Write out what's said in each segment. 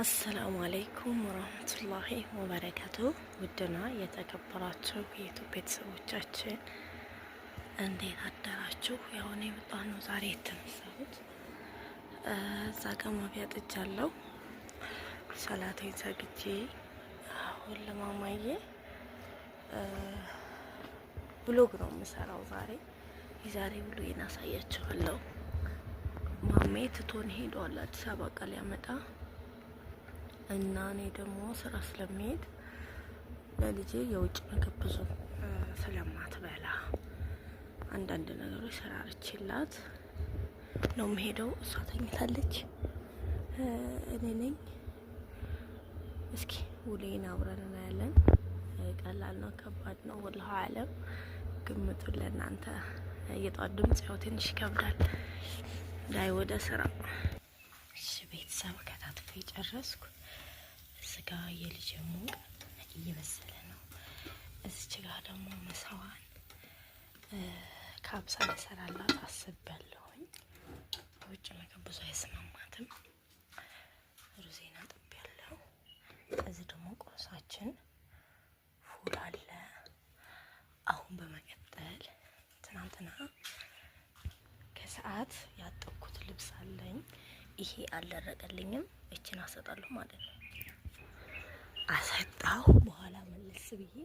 አሰላሙ አለይኩም ወራህመቱላሂ ወበረከቱ። ውድና የተከበራችሁ የኢትዮ ቤተሰቦቻችን እንዴት አደራችሁ? ያሁን የመጣ ነው ዛሬ የተነሳሁት እዛ ጋ ማቢያ ጥጅ ሰላቴን ዘግጄ አሁን ለማማዬ ብሎግ ነው የምሰራው ዛሬ። የዛሬ ብሎጌን አሳያችኋለሁ። ማሜ ትቶን ሄዷል አዲስ አበባ ቃል ያመጣ እና እኔ ደግሞ ስራ ስለምሄድ ለልጄ የውጭ ምግብ ብዙ ስለማትበላ አንዳንድ ነገሮች ሰራርችላት ነው የምሄደው። እሷ ተኝታለች፣ እኔ ነኝ። እስኪ ውሌን አብረን እናያለን። ቀላል ነው ከባድ ነው ወላሁ አለም። ግምቱን ለእናንተ የጠዋት ድምጽ ያው ትንሽ ይከብዳል። ላይ ወደ ስራ ቤተሰብ ከታትፎ የጨረስኩ ስጋ የልጅ ሙቅ እየበሰለ ነው። እዚች ጋር ደግሞ ምሳዋን ካብሳ ልሰራላት አስቤያለሁኝ። በውጭ ምግብ ብዙ አይስማማትም። ሩዜና ጥብ ያለው እዚህ ደግሞ ቁርሳችን ፉል አለ። አሁን በመቀጠል ትናንትና ከሰዓት ያጠብኩት ልብስ አለኝ። ይሄ አልደረቀልኝም። እችን አሰጣለሁ ማለት ነው። አሰጣው። በኋላ መለስ ብዬ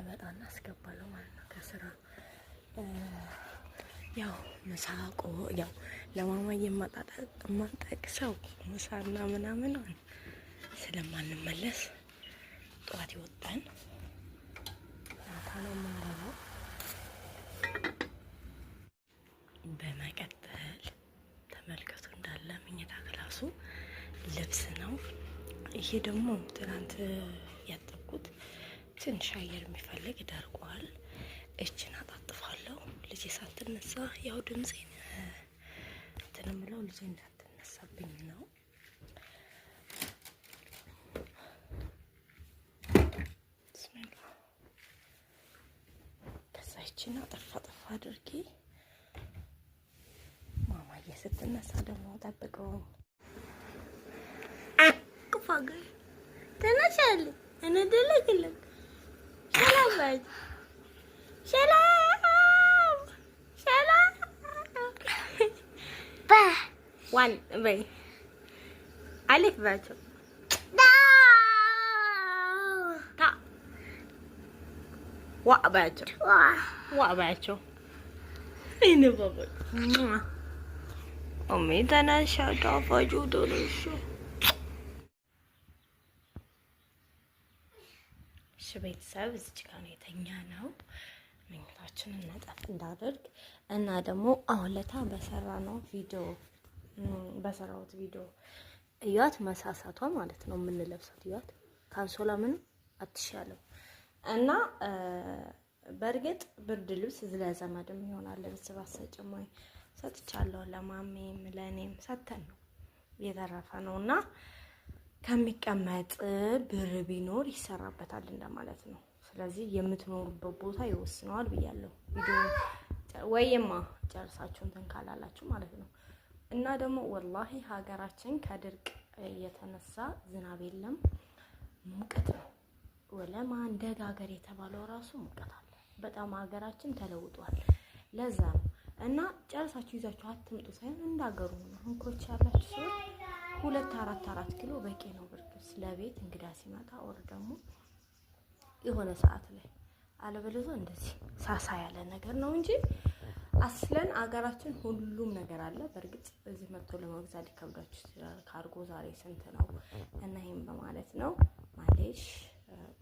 እመጣና አስገባለሁ ማለት ነው። ከስራ ያው ምሳ ቆ ያው ለማማዬ የማጠቅሰው ምሳና ምናምን ስለማንመለስ ጠዋት ይወጣን ማታ ነው ይሄ ደግሞ ትናንት ያጠብኩት ትንሽ አየር የሚፈልግ ደርቋል። እችን አጣጥፋለሁ። ልጄ ሳትነሳ ያው ድምፄን እንትን የምለው ልጄ እንዳትነሳብኝ ነው። ከዛ ይችን አጠፋ ጠፋ አድርጌ ማማዬ ስትነሳ ደግሞ ጠብቀውኝ ፋገር ተነሻል እንደለክልክ ሰላም ባይ ሰላም ሰላም ባ ዋን በይ አሊፍ ባቸው ዋ ባቸው ዋ ባባ ኦሜ ተነሻ ጣፋጩ ተነሻ እሺ ቤተሰብ እዚች ጋር ነው የተኛ ነው መኝታችን እናጠፍ እንዳደርግ እና ደግሞ አሁን ለታ በሰራ ነው ቪዲዮ በሰራሁት ቪዲዮ እያት መሳሳቷ ማለት ነው የምንለብሳት እያት ካንሶላ ምንም አትሻለም። እና በእርግጥ ብርድ ልብስ ዘመድም ይሆናል ለቤተሰብ አሰጭም ወይ ሰጥቻለሁ። ለማሜም ለእኔም ሰተን ነው የተረፈ ነው እና ከሚቀመጥ ብር ቢኖር ይሰራበታል እንደማለት ነው። ስለዚህ የምትኖሩበት ቦታ ይወስነዋል ብያለሁ። ወይማ ጨርሳችሁ እንትን ካላላችሁ ማለት ነው። እና ደግሞ ወላሂ ሀገራችን ከድርቅ የተነሳ ዝናብ የለም፣ ሙቀት ነው። ወለማ እንደ ሀገር የተባለው ራሱ ሙቀት አለ። በጣም ሀገራችን ተለውጧል። ለዛ ነው እና ጨርሳችሁ ይዛችሁ አትምጡ ሳይሆን እንዳገሩ ነው። አሁን ኮች ያላችሁ ሰዎች ሁለት አራት አራት ኪሎ በቂ ነው። ብርዱስ ለቤት እንግዳ ሲመጣ ወር ደግሞ የሆነ ሰዓት ላይ አለበለዚያ እንደዚህ ሳሳ ያለ ነገር ነው እንጂ አስለን አገራችን ሁሉም ነገር አለ። በእርግጥ እዚህ መጥቶ ለመግዛት ሊከብዳችሁ ይችላል። ካርጎ ዛሬ ስንት ነው? እና ይህም በማለት ነው ማሌሽ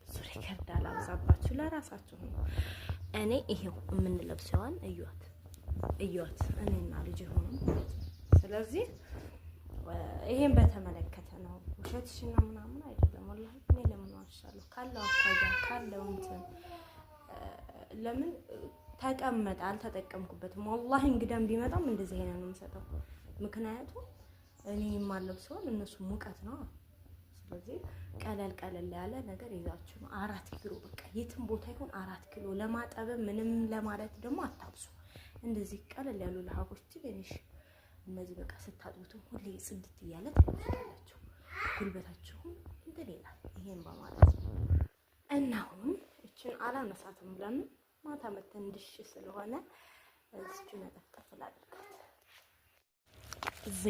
ብዙ ሪከርድ አላብዛባችሁ፣ ለራሳችሁ ነው። እኔ ይሄው የምንለብሰዋን እዩት። እዩት፣ እኔና ልጅ ሆኑ ስለዚህ ይሄን በተመለከተ ነው። ውሸትሽን ነው ምናምን አይደለም። ወላሂ እኔ ለምን ዋሻለሁ? ካለው አኳያ ካለው እንትን ለምን ተቀመጠ አልተጠቀምኩበትም። ወላሂ እንግዳም ቢመጣም እንደዚህ አይነት ነው የምሰጠው። ምክንያቱም እኔ የማለብ ሲሆን እነሱ ሙቀት ነው። ስለዚህ ቀለል ቀለል ያለ ነገር ይዛችሁ ነው። አራት ኪሎ በቃ የትም ቦታ ይሁን አራት ኪሎ ለማጠብ ምንም ለማለት ደግሞ አታብሱ። እንደዚህ ቀለል ያሉ ለሀቆች ትንሽ እነዚህ በቃ ስታጥቡትም ሁሌ ጽድት እያለ ትላላችሁ። ጉልበታችሁም እንትን ይላል። ይሄን በማለት ነው እና አሁን እችን አላነሳትም ብለን ማታ መተንድሽ ስለሆነ እዚች ነጠፍጠፍ ላድርጋት።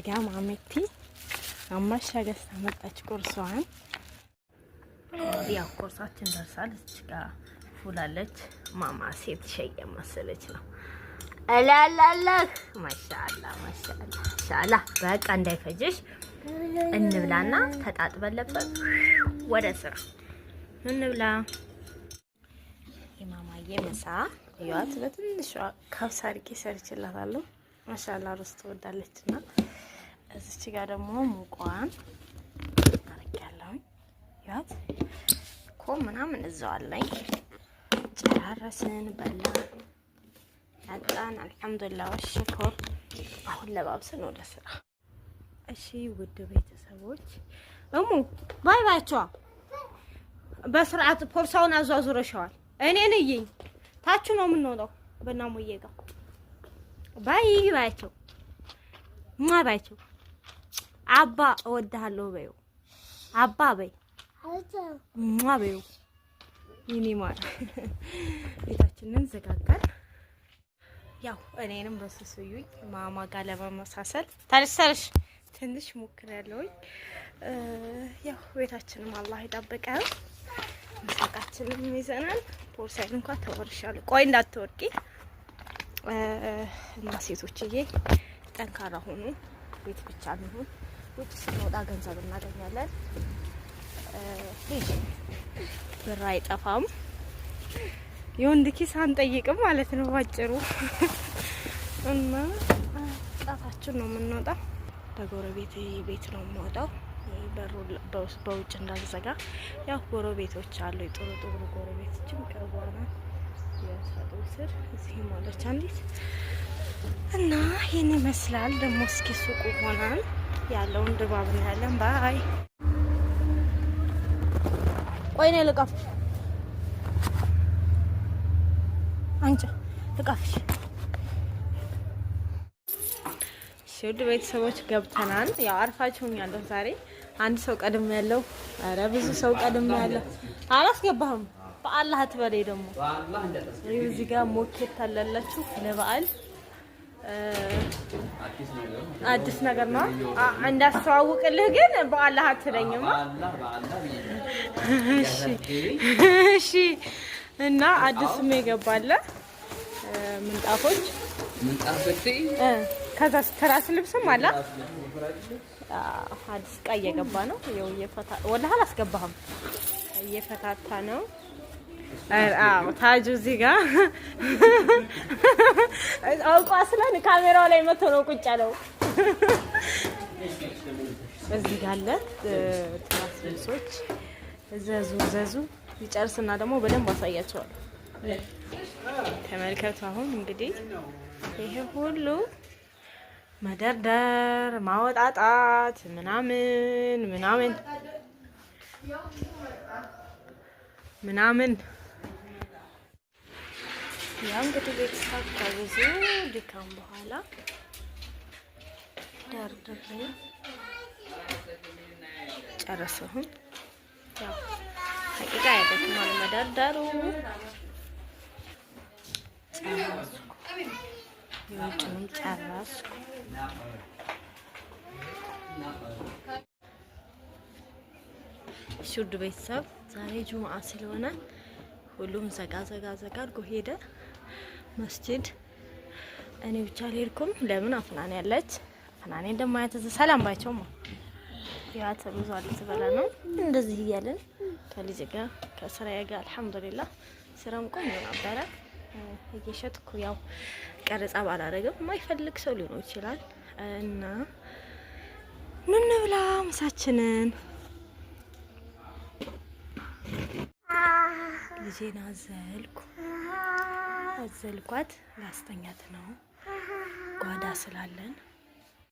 ጋ ማሜቲ አማሻ ገዝታ መጣች ቁርሷን። ያው ቁርሳችን ደርሳል። እዚች ጋ ፉላለች። ማማ ሴት ሸየ መሰለች ነው እላላለህ። ማሻአላ ማሻአላ ማሻአላ። በቃ እንዳይፈጅሽ እንብላና ተጣጥበን ለበን ወደ ስራ እንብላ። የማማዬ ምሳ እያት በትንሿ ካብሳ አድርጌ ሰርችላታለሁ። ማሻአላ ሩዝ ትወዳለች እና እዚች ጋር ደግሞ ሙቋን አርጋለሁኝ። ያት እኮ ምናምን እዛው አለኝ። ጨራረስን በላ ጠጣን። አልሐምዱሊላህ ወሽኩር። አሁን ለባብሰን ወደ ስራ። እሺ ውድ ቤተሰቦች እሙ ባይ ባይቸዋ በስርዓት ፖርሳውን አዟዙረሻዋል። እኔን እይኝ ታች ነው የምንውለው በእናሙዬ ጋር ባይ ባያቸው ማ ባያቸው አባ እወድሃለሁ በይው አባ በይ ማ በይው ይኔ ቤታችንን ዘጋጋል። ያው እኔንም በሱ ስዩኝ ማማ ጋር ለመመሳሰል ታልሰርሽ ትንሽ ሞክር ያለውኝ ያው ቤታችንም አላህ ይጠብቀን። ምስቃችንም ይዘናል። ቦርሳይን እንኳን ተወርሻለሁ። ቆይ እንዳትወርቂ እና ሴቶችዬ ጠንካራ ሆኑ። ቤት ብቻ ሚሆን ውጭ ስንወጣ ገንዘብ እናገኛለን። ብር አይጠፋም። የወንድ ኪስ አንጠይቅም ማለት ነው ባጭሩ። እና ጣታችን ነው የምንወጣው። በጎረቤት ቤት ነው የምወጣው፣ በሩ በውጭ እንዳልዘጋ። ያው ጎረቤቶች አሉ፣ የጥሩ ጥሩ ጎረቤቶችም ቅርቧና የሳጡ ስር እዚህ ማለች አንዲት እና ይህን ይመስላል። ደግሞ እስኪ ሱቁ ሆናል ያለውን ድባብ እናያለን። ባይ ቆይ ልቀፍ አንቺ ተቃፍሽ። እሺ ውድ ቤተሰቦች ገብተናል። ያው አርፋችሁኝ ያለሁ ዛሬ አንድ ሰው ቀድም ያለው አረ ብዙ ሰው ቀድም ያለው አላስገባህም። በአላህ አትበለይ ደግሞ ይህ እዚህ ጋር ሞኬት አላላችሁ ለበዓል አዲስ ነገር ነው እንዳስተዋውቅልህ፣ ግን በአላህ አትለኝማ። እሺ እሺ እና አዲስም የገባለ ምንጣፎች ከዛ ትራስ ልብስም አለ። አዲስ እቃ እየገባ ነው። ይኸው እየፈታ ወላሂ አላስገባህም፣ እየፈታታ ነው። አዎ ታጁ እዚህ ጋር አውቋ ስለን ካሜራው ላይ መቶ ነው ቁጭ ያለው። እዚህ ጋር አለ ትራስ ልብሶች። ዘዙ ዘዙ ይጨርስና ደግሞ በደንብ አሳያቸዋለሁ። ተመልከቱ። አሁን እንግዲህ ይሄ ሁሉ መደርደር ማወጣጣት ምናምን ምናምን ምናምን ያ እንግዲህ ቤተሰብ ከብዙ ድካም በኋላ ደርድሬ ጨረሰሁን። እቃ ያደክማል መደርደሩ። የውጭውን ጨረስኩ። ሹድ ቤተሰብ ዛሬ ጁምአ ስለሆነ ሁሉም ዘጋ ዘጋ ዘጋ አድርጎ ሄደ መስጂድ። እኔ ብቻ አልሄድኩም። ለምን አፍናኔ ያለች አፍናኔ ሰላም ባቸውማ ያ ብዙ አለ ትበላ ነው እንደዚህ እያለን ከልጅ ጋር ከስራዬ ጋር አልሐምዱሊላህ ስራም ቆንጆ ነበረ። እየሸጥኩ ያው ቀረጻ ባላረግም የማይፈልግ ሰው ሊኖር ይችላል እና ምን ብላ ምሳችንን ልጄን አዘልኩ አዘልኳት ላስተኛት ነው ጓዳ ስላለን